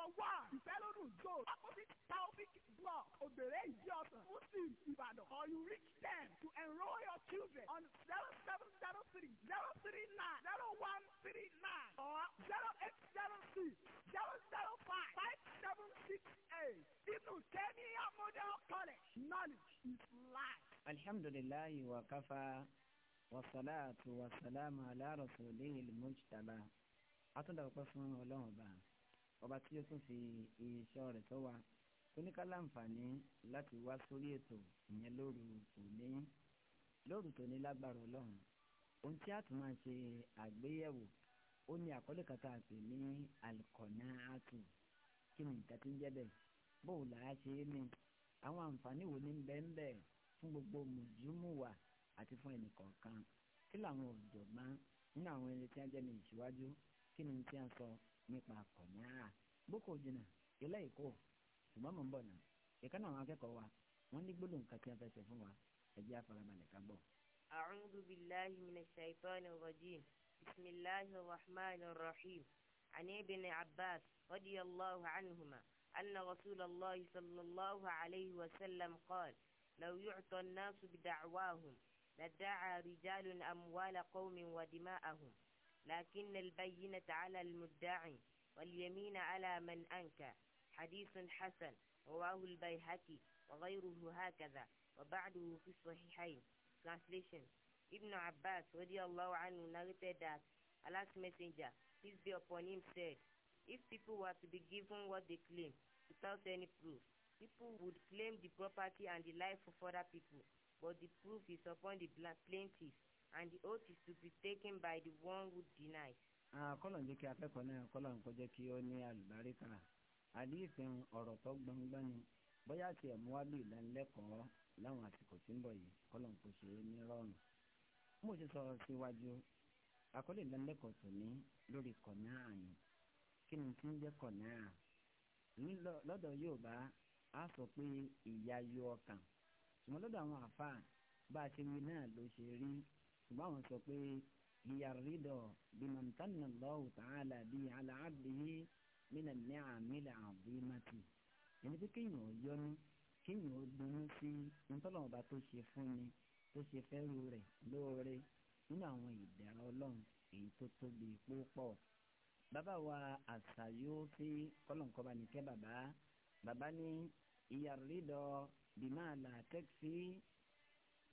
number one development zone opposite taofik block obere ijeosan muslim ibadan or you reach them to enrol your children on zero seven zero three zero three nine zero one three nine or zero eight zero six zero zero five five seven six eight ibnu temiya model college knowledge is life. alhamdulilayi wa kafa wasalaatu wasalaamu ala rasulihi mujtaba atúndàpọ̀ fún ọlọ́run báyìí ọba tí ó tún fi iṣẹ́ rẹ̀ tọ́ wa oníkálá àǹfààní láti wá sórí ètò ìyẹn lóru òní lóru tòní lágbára ọlọ́run ohun tí a tún máa ṣe àgbéyẹ̀wò ó ní àkọlé kan tá a pè ní alikọ̀nà àtù kí ni nǹkan ti ń jẹ́ bẹ́ẹ̀ bóun là á ṣe é ní àwọn àǹfààní wo ní bẹ́ẹ̀ fún gbogbo mùjúmùwà àti fún ẹnìkọ̀ọ̀kan kí làwọn òjọ̀gbọ́n nínú àwọn ẹni tí wọ́n jẹ́ ní ìṣíwájú kí ni tí a sọ nípa kọ̀nyára boko jìnnà ilé ìkó ṣùgbọ́n mò ń bọ̀ náà ìkànnì àwọn akẹ́kọ̀ọ́ wa wọ́n ní gbólóhùn kan tí wọ́n fẹ́ sọ fún wa ẹ̀jẹ̀ àfarabalẹ̀ ká gbọ́. أعوذ بالله من الشيطان الرجيم بسم الله الرحمن الرحيم عن ابن عباس رضي الله عنهما أن رسول الله صلى الله عليه وسلم قال لو يعطى الناس بدعواهم لدعى رجال أموال قوم ودماءهم لكن البينة على المدعي واليمين على من أنكى حديث حسن رواه البيهقي وغيره هكذا وبعده في الصحيحين Translation Ibn Abbas الله عنه narrated that Allah's messenger, peace be upon him, said, If people were to be given what they claim without any proof, people would claim the property and the life of other people, but the proof is upon the plaintiff. and the oath is to be taken by the one who denies. Ah, kọ́lọ̀ ń jẹ́ kí akẹ́kọ̀ọ́ náà kọ́lọ̀ ń kọjá kí ó ní àlùbáríkà àdìsìn ọ̀rọ̀ tó gbangba ni bóyá àti ẹ̀múwábì ìdánilẹ́kọ̀ọ́ láwọn àsìkò tí ń bọ̀ yìí kọ́lọ̀ ń kò ṣe é ní rọ́ọ̀nù. mo ti sọ síwájú àkọlé ìdánilẹ́kọ̀ọ́ tòní lórí a sọ pé ìyá yọ ọkàn ṣùgbọ́n lọ́dọ̀ a náà ló ṣe rí ṣùgbọ́n àwọn sọ pé ìyàrídọ̀ bímọ̀ntánà Allahu ta'ala bíi aláàbíyí mílẹ̀ ní àmìlẹ̀ àbímọ̀tì ẹni pé kéèyàn ò yọnu kéèyàn ò dunnú sí ntọ́lọ́mọba tó ṣe fún ni tó ṣe fẹ́rù rẹ̀ lóore nínú àwọn ìdẹ̀ra ọlọ́run èyí tó tóbi púpọ̀ bàbá wa àṣàyò fi kọ́lọ̀ǹkọ́ba nìkẹ́ bàbá bàbá ní ìyàrídọ̀ bímọ̀ àlàtẹ́kì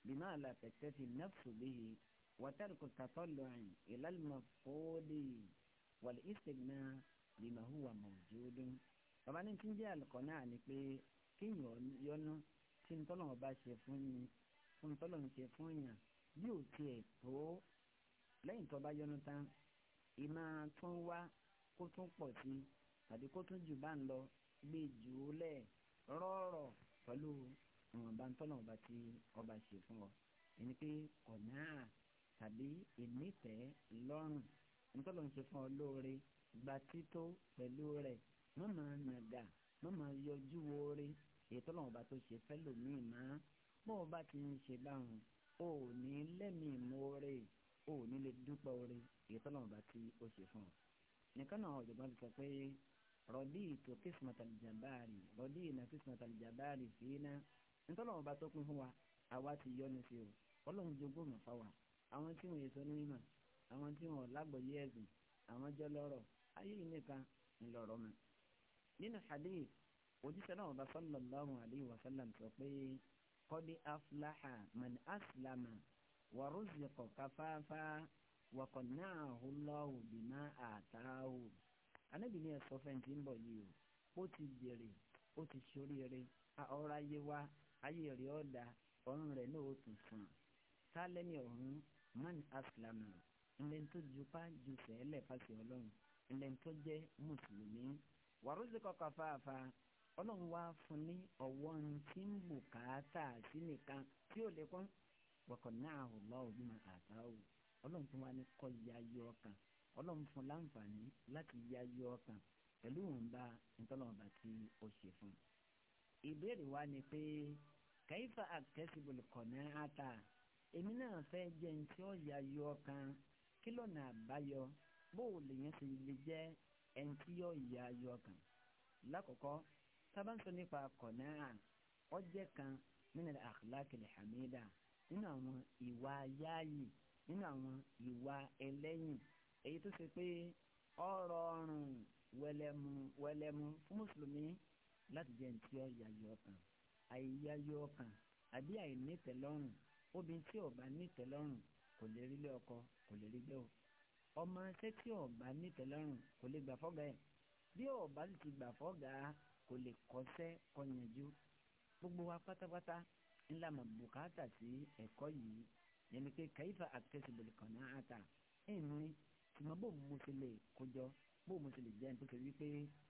بما لا تكتفي النفس به وترك التطلع إلى المفقود والاستغناء بما هو موجود bàbá ní tí ń jẹ́ àlùkò náà ni pé kéèyàn yọnu tí ń tọ́lọ̀ bá ṣe fún ni fún tọ́lọ̀ ń ṣe fún yàn bí ò tiẹ̀ tó lẹ́yìn tó bá yọnu tán ìmọ̀ tún wá kó tún pọ̀ sí tàbí kó tún jù bá ń lọ gbé jù ú lẹ̀ rọ́ọ̀rọ̀ pẹ̀lú àwọn ọba ń tọ́nà ọba tí ọba ṣe fún ọ ẹni pé ọ̀nà tàbí ìmítẹ́ lọ́rùn ntọ́lọ̀ ń ṣe fún ọ lóore gba tító pẹ̀lú rẹ̀ wọ́n máa nàgà wọ́n máa yọjú oore ìtọ́lọ̀ ọba tó ṣe fẹ́ lòmíì má bó o bá ti ń ṣe báwọn o ò ní lẹ́mìí moore o ò ní lè dúpẹ́ oore ìtọ́lọ̀ ọba tí ó ṣe fún ọ. nìkan náà ọ̀jọ̀gbọ́n ti sọ pé rọ̀dí ìtò kìsìmọ̀tàlìjàbáàrì rọ̀dí ìnà kìsìmọ̀tàlìjàbáàrì fìínà ntọ́lọ́wọ́n bá sọ́kùn fún wa àwa ti yọnu sí o ọlọ́run jogún mọ̀ fáwa àwọn tí wọ́n yẹ sọ ní mímọ̀ àwọn tí wọ́n lágbọ̀yé ẹ̀sìn àwọn jẹ́ lọ́rọ̀ ayé yìí nìkan ńlọrọ̀ mọ́. nínú hadith òjíṣẹ́ náà bá sallallahu alayhi wa sallam sọ pé qad aflaha man aslama wa ruziqa kafafa wa qanna'ahu Allahu bima ataahu. anábì ń bọ̀ yìí o ó ti jèrè ó ti ṣoríire ọ̀rọ̀ wa ayé rẹ̀ ọ̀dà ọ̀run rẹ̀ náà ó tún fún un sálẹ́ni ọ̀hún man aslamu ilẹ̀ tó jupa ju sẹ́lẹ̀ fásitì ọlọ́run ilẹ̀ tó jẹ́ mùsùlùmí wàrúsì kọkọ fàáfà ọlọ́run wá fún ní ọ̀wọ́run tí ń bùkátà sí nìkan tí ò lè kún wọ̀kọ̀ náà ọ̀gbọ́n òbí máa kàtà ó ọlọ́run tó wá ní kọ́ yáyọ ọkàn ọlọ́run fún láǹfààní láti yáyọ ọkàn pẹ̀lú òǹba ìtọ́lọ́ọ̀bà tí ó ṣe fún un. ìbéèrè wa ni pé kẹ́yìfà àkẹ́sìbòlù kọ̀nà àtà èmi náà fẹ́ jẹ́ ní tí ó yà yọ kan, kí lọ́nà àbáyọ bóò lèyàn sì lè jẹ́ ẹni tí yà yọ nípa kọ̀nà à jẹ́ kan nínú àkàlákìlì hàmídà nínú àwọn ìwà yáàyè nínú àwọn ìwà ẹlẹ́yìn èyí tó ṣe pé ọ̀rọ̀ ọ̀rùn wẹlẹ́mu wẹlẹ́mu fún mùsùlùmí láti jẹ́ ní tí ó yàyọ̀ ọkàn àìyàyọ̀ ọkàn àbí àìnítẹ̀lọ́rùn obìnrin tí ò bá nítẹ̀lọ́rùn kò lè rí lé ọkọ kò lè rí gbẹ́ o ọmọ ṣé tí ò bá nítẹ̀lọ́rùn kò lè gbà fọ́gà ẹ̀ bí ò bá ti gbà fọ́gà kò lè kọ́ṣẹ́ kọyànjú gbogbo wa pátápátá ńlá mà bùkátà sí ẹ̀kọ́ yìí yẹnni pé kàyífà accessible kan náà àtà ìrìn tìmọ̀ bó mo ṣe lè kójọ bó mo ṣe lè jẹ́ nítorí wípé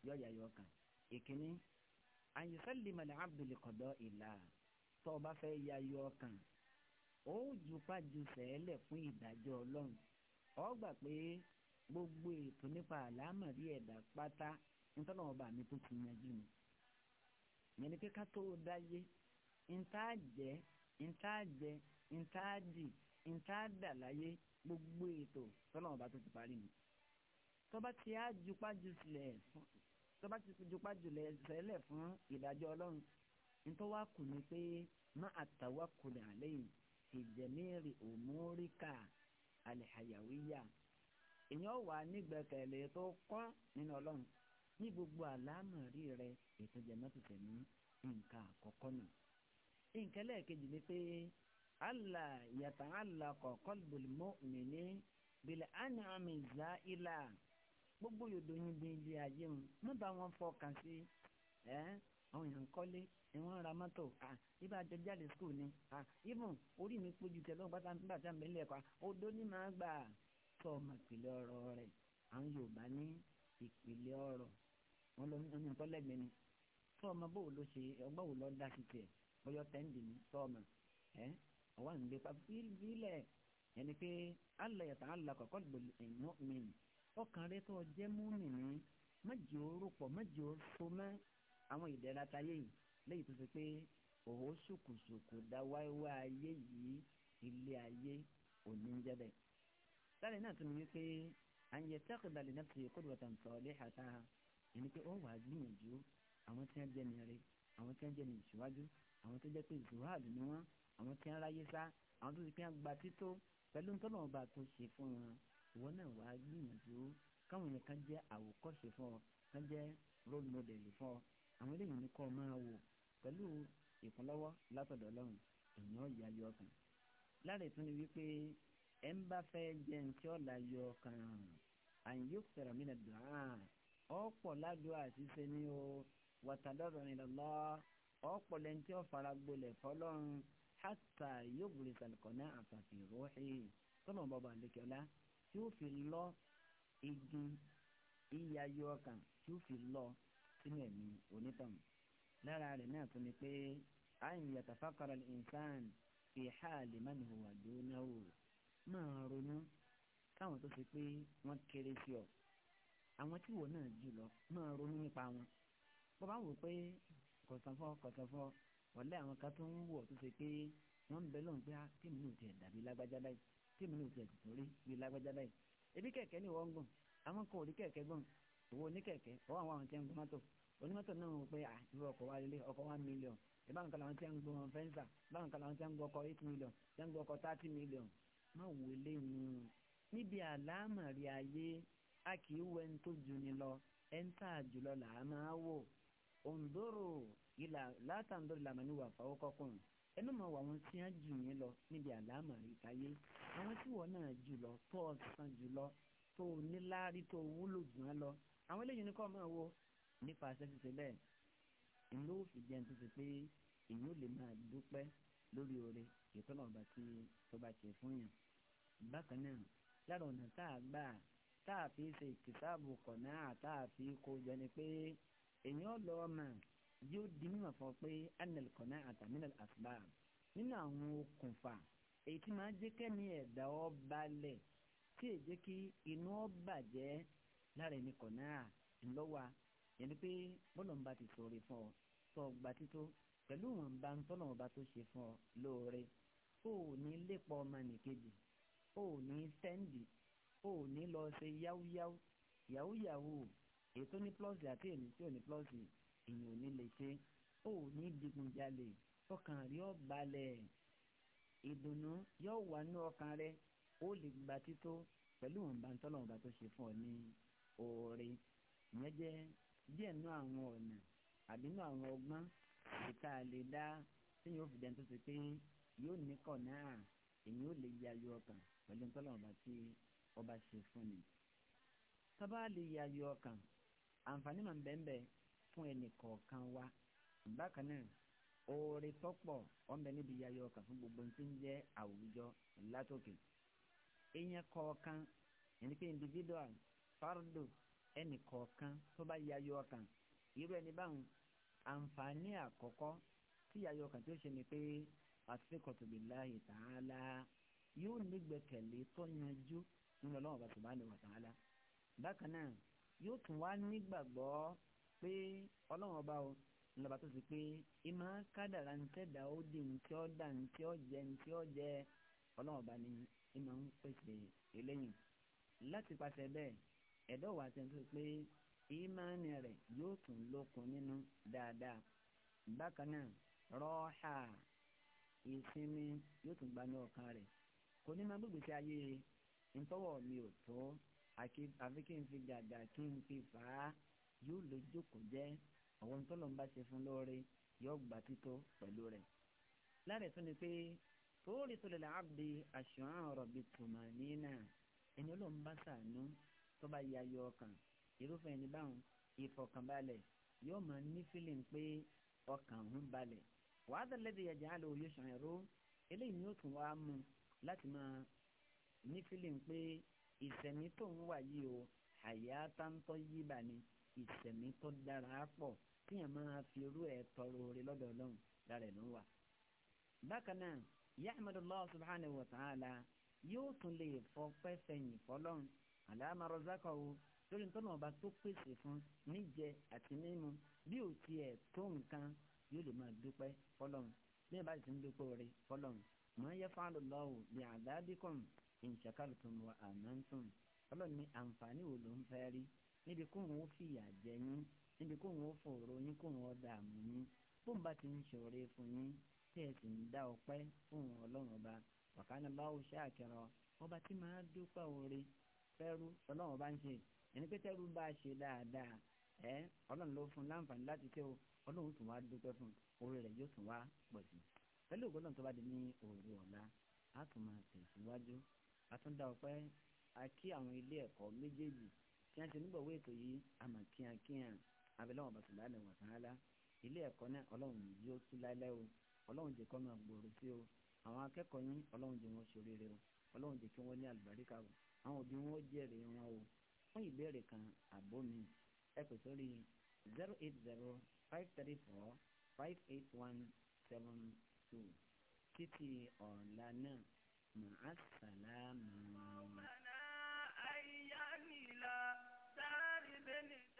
yọ̀ọ̀yà yọ̀ọ̀kan ìkíní àyùsọ́lìmọ̀ ní abdulkọ̀dọ̀ ìlà tó o bá fẹ́ ya yọ ọkàn ó jupá ju sẹ́ẹ̀lẹ̀ fún ìdájọ́ ọlọ́run ọ gbà pé gbogbo ètò nípa àlámọ̀rí ẹ̀dá pátá nítorí ọba mi tó ti yanjú mi yẹn ni pé ká tó dáyé ntá jẹ ntá jẹ ntá dì ntá dà láyé gbogbo ètò tọ́lọ́mọba tó ti parí mi tọ́ba ti á jupá ju sílẹ̀ tó bá ti jupá jùlẹ̀ sẹ́lẹ̀ fún ìdájọ́ ọlọ́run nítorí wá kù ní pé má àtàwá kulẹ̀ àlẹ́yìn ìjẹ̀mírì òmóríkà àlẹ́hàyàwíyà èèyàn wà nígbẹ́kẹ̀lé tó kọ́ nínú ọlọ́run ní gbogbo àlámọ̀rí rẹ ètò jẹ̀mọ́tìtẹ̀ ní nǹkan àkọ́kọ́ náà nǹkan lẹ́ẹ̀kejì ni pé allah yàtà allah kọ̀ọ̀kọ́ lùbọ̀lùmọ́ òmìnir bìlẹ̀ ànàmì zá ilà gbogbo yòdò yín bí ilé ayé wọn mọ bá wọn fọkàn sí ẹ àwọn èèyàn ń kọ́lé ẹ wọ́n ra mọ́tò à ibà àjọ jáde skul ni à even orí mi pójú tẹ lọ́wọ́ pátá nígbà tá à ń bẹ́lẹ̀ pa odó ní máa gbà sọ ọmọ ìpìlẹ̀ ọ̀rọ̀ rẹ̀ àwọn Yorùbá ní ìpìlẹ̀ ọ̀rọ̀ wọn lọ ní ọyàn tọ́lẹ̀gbẹ́ ni sọ ọmọ bó ló ṣe ọgbọ́n wò lọ́ọ́ dá sí tiẹ̀ ọyọ tẹ́ǹdì ní sọ ọmọ ẹ ọwọ́ àǹdè pa ẹni pé alẹ́ yàtọ̀ alẹ́ kọ̀ọ̀kọ́ ọkàn rẹ tó jẹ́ múmìnì mọ́jì ó rò pọ̀ mọ́jì ó so mọ́ àwọn ìdẹ̀ra tayé yìí lẹ́yìn tó ṣe pé òwò ṣùkùṣùkù dá wáíwá ayé yìí ilé ayé òní ń jẹ́bẹ̀. sáré náà tún ní pé àyè tẹ́kọ̀dà lè náà ti kódù ọ̀tàn sọ̀ọ́lé àtà ẹni pé ó wà á gbìyànjú àwọn tí wọ́n jẹ́ ní rẹ̀ àwọn tí wọ́n jẹ́ ní ìṣíwájú àwọn tó jẹ́ pé zuhadu ni wọ́n àwọn tí wọ́n ráyé sá àwọn tó ti pín àgbà tító pẹ̀lú ntọ́nà ọba tó ṣe fún wọn ìwọ náà wàá gbìyànjú káwọn yẹn kan jẹ́ àwòkọ́ṣe fún ọ kan jẹ́ role model fún ọ àwọn eléyìí ni kọ́ ọ máa wò pẹ̀lú ìkúnlọ́wọ́ látọ̀dọ̀ ọlọ́run èèyàn yà yọ ọkàn lára ìtún ni wípé ẹ ń bá fẹ́ jẹ́ ní tí ó là yọ ọkàn àyìnbó fẹ̀rọ̀ mí nàdùn án ọ̀pọ̀ ládùú àti ni o wàtàdọ́rọ̀ ni lọ́lọ́ ọ̀pọ̀ lẹ́ni tí ó fara gbolẹ̀ fọlọ́run hátà yóò gbèrè sàlùkọ́ náà àtàkì ìrọ́ọ̀hìn tọ́lọ́mọba àlekẹ́lá tí ó fi lọ igun ìyá ayé ọkàn tí ó fi lọ sínú ẹ̀mí onítàn lára rẹ̀ náà tún ni pé àyìn yàtàfàkàrà ìnsán fi hàlì man huwa dunahu máa ronú káwọn tó ṣe pé wọ́n kéré sí ọ àwọn tí wò náà jù lọ máa ronú nípa wọn bó bá wò pé kọ̀sánfọ́ kọ̀sánfọ́ wọlé àwọn kan tó ń wọ̀ tó ṣe pé wọ́n ń bẹ lóhùn pé kí ah, mi ò tiẹ̀ dàbí lágbájá báyìí tèmi ní òtún ẹ̀sìn rí bí lágbájá báyìí ebi kẹ̀kẹ́ ni wọ́n gùn àwọn kan ò rí kẹ̀kẹ́ gùn owó oníkẹ̀kẹ́ ọwọ́ àwọn àwọn tí wọ́n gbé mọ́tò onímọ́tò náà wọ́n pé irú ọkọ̀ wa lélẹ̀ ọkọ̀ one million ìbáwọn kan làwọn tí wọ́n gbé wọn fẹ́ǹsà ìbáwọn kan làwọn tí wọ́n gbé ọkọ̀ eight million tí wọ́n gbé ọkọ̀ thirty million má wò léyìn níbi àlámọ̀rí ayé a kì í wẹ́n tó ju ni lọ ẹ̀ ń tà jùlọ là á máa wò òǹdóró ìlà látàndóró làmọ́ ní ẹnu máa wà wọn tí wọn jù yín lọ níbi àlámà ìtayé àwọn tí wọn náà jù lọ tó ọsàn jù lọ tó níláárí tó wúlò jù wọn lọ àwọn eléyìí ni kò máa wo nípa àṣẹṣiṣẹ bẹ́ẹ̀ ìlú òfin jẹun tó ṣe pé ìyún lè máa dúpẹ́ lórí oore ìtọ́nà ọba tí tó bá ṣe fún yàn bákan náà lára ọ̀nà tá a gbà tá a fi ṣe ìtìsáàbù kọ̀ọ̀nà tá a fi kó jọ ni pé èèyàn lọ́ọ́ máa yóò di mímọ̀ fún ọ pé anil kọ̀nà àtàmínà àfúbà nínú àwọn okùnfà èyí tí máa jẹ́ kẹ́mi ẹ̀dá ọ balẹ̀ tí èyí kí inú ọ bàjẹ́ lára ẹni kọ̀nà ńlọ́wà yẹn ni pé bọ́lọ̀ ń bá ti sọ̀rọ̀ fún ọ sọ ọgbà tító pẹ̀lú wọn bá ń tọ́nà ọba tó ṣe fún ọ lóore ó ní lépa ọmọ nìkejì ó ní sẹ́ńdì ó ní lọ ṣe yáwúyáwú yàwúyàwú èyí tó ní plọ́ọ̀sì àti èyí tí ní plọ́ọ̀sì èèyàn ò ní lè ṣe ó ní digunjalè ọkàn rí ọ balẹ̀ ìdùnnú yóò wà ní ọkàn rẹ ó lè gba tító pẹ̀lú ìwọ̀nba tọ́lọ̀ ọba tó ṣe fún ọ ní oore ìyẹn jẹ́ díẹ̀ nú àwọn ọ̀nà àbí nú àwọn ọgbọ́n ìta lè dá tí yóò fi dẹ́n tó pé yóò ní kọ̀ náà èyí ò lè yáyọ ọkàn pẹ̀lú tọ́lọ̀ tí ọba ṣe fún ni. tọ́ba lè yáyọ ọkàn àǹfààní màá bẹ́ẹ̀ bẹ́ẹ̀ fún ẹnì wa bákan náà oore tọ́pọ̀ ọ̀nbẹ níbi yayọ ọkàn fún gbogbo ní ti ń jẹ́ àwùjọ látòkè kọ̀ọ̀kan individual fardo tó bá yayọ ọkàn irú ẹni báwọn àǹfààní àkọ́kọ́ tí yayọ ọkàn ni pé yóò nígbẹ̀kẹ̀lé tó yanjú nínú bá bákan náà yóò pé ọlọ́run ọba o ńlọba tó ti pé ìmọ̀ kádàrà ń tẹ̀dá ó di ntí ó dà ntí ó jẹ ntí ó jẹ ọlọ́run ọba ni ìmọ̀ ń pèsè eléyìí láti pàṣẹ bẹ́ẹ̀ ẹ̀dọ́ wà sẹ́ni tó pé ìmọ̀ọ́nì rẹ̀ yóò tún lókun nínú dáadáa bákan náà rọ́ọ̀hà ìsinmi yóò tún gba ní ọkàn rẹ̀ kò ní máa gbèsè ayé e. ntọ́wọ̀ mi ò tó àfi kí n fi gàgà kí n fi fà á yóò lè jókòó jẹ́ àwọn tó lọ́n bá ṣe fún lóore yóò gbà títọ́ pẹ̀lú rẹ̀. láàrẹ̀ tún ni pé tóórí tó lè láàbì àṣùwọ̀n ọ̀rọ̀ bíi tòmà nínà ẹni ló ń bá sàánú tó bá ya yọ ọkàn irúfẹ́ ẹni báwọn ìfọkànbalẹ̀ yóò máa ní fílìn pé ọkàn ń balẹ̀ wàá dàlẹ́dẹ̀ yàjà àlọ́ òye ṣàìró eléyìí ni ó tún wá mú láti máa ní fílìn pé ìsẹ̀mí tó ń wà yìí o àyà táńtọ́ yí bà ni ìsẹ̀mí tó dára pọ̀ tíyàn máa fi irú ẹ̀ tọrọ orí lọ́dọ̀ ọlọ́run lára ẹ̀ ló wà. bákan náà yahmadu allah subhanahu wa ta'ala yóò tún lè fọpẹ́ sẹ́yìn fọlọ́run àlàámà rọ́sákọ̀ọ́ lórí tọ́nà ọba tó pèsè fún níjẹ àti mímu bí ò tiẹ̀ tó nǹkan yóò lè máa dúpẹ́ fọlọ́run bí ẹ bá ti ń dúpẹ́ orí fọlọ́run ma yafalu Allahu bi adabikum in shakartum wa amantum ọlọ́run ní àǹfààní wo ló ń fẹ́ rí níbi kó òun ó fìyà jẹ yín níbi kó òun ó fòrò yín kó òun ó dààmú yín bó ń bá ti ń ṣòro fún yín tí ẹ sì ń dá ọpẹ́ fún ọlọ́run ọba wàkánà bá ó ṣáàkìrọ ọba tí máa dúpẹ́ oore fẹ́rú ọlọ́run ọba ń ṣe ẹni pé tẹ́rú bá a ṣe dáadáa ẹ ọlọ́run ló fún láǹfààní láti tẹ́ o ọlọ́run tún wá dúpẹ́ fún oore rẹ̀ yóò tún wá pọ̀ sí pẹ̀lú ògbọ́dọ̀ tó bá di ní òru ọ̀la a tún máa tẹ̀síwájú a tún dá ọpẹ́ a kí àwọn ilé ẹ̀kọ́ méjèèjì tí a ti nígbàwó ètò yìí àmọ́ kíákíá abẹ́lẹ́wọ̀n bàtà lánàá wà sáálá ilé ẹ̀kọ́ náà ọlọ́run yóò tú láìláì o ọlọ́run jẹ́ kọ́ máa gbòòrò sí o àwọn akẹ́kọ̀ọ́ yín ọlọ́run jẹ́ wọn ṣoríire o ọlọ́run jẹ́ kí wọ́n ní àlùbáríkà o àwọn òbí wọn jẹ́rìí wọn o fún ìbéèrè kan àbó mi ẹ pè sórí zero eight zero five three four five eight one seven two títí ọ̀la náà màá sàlámù. Amen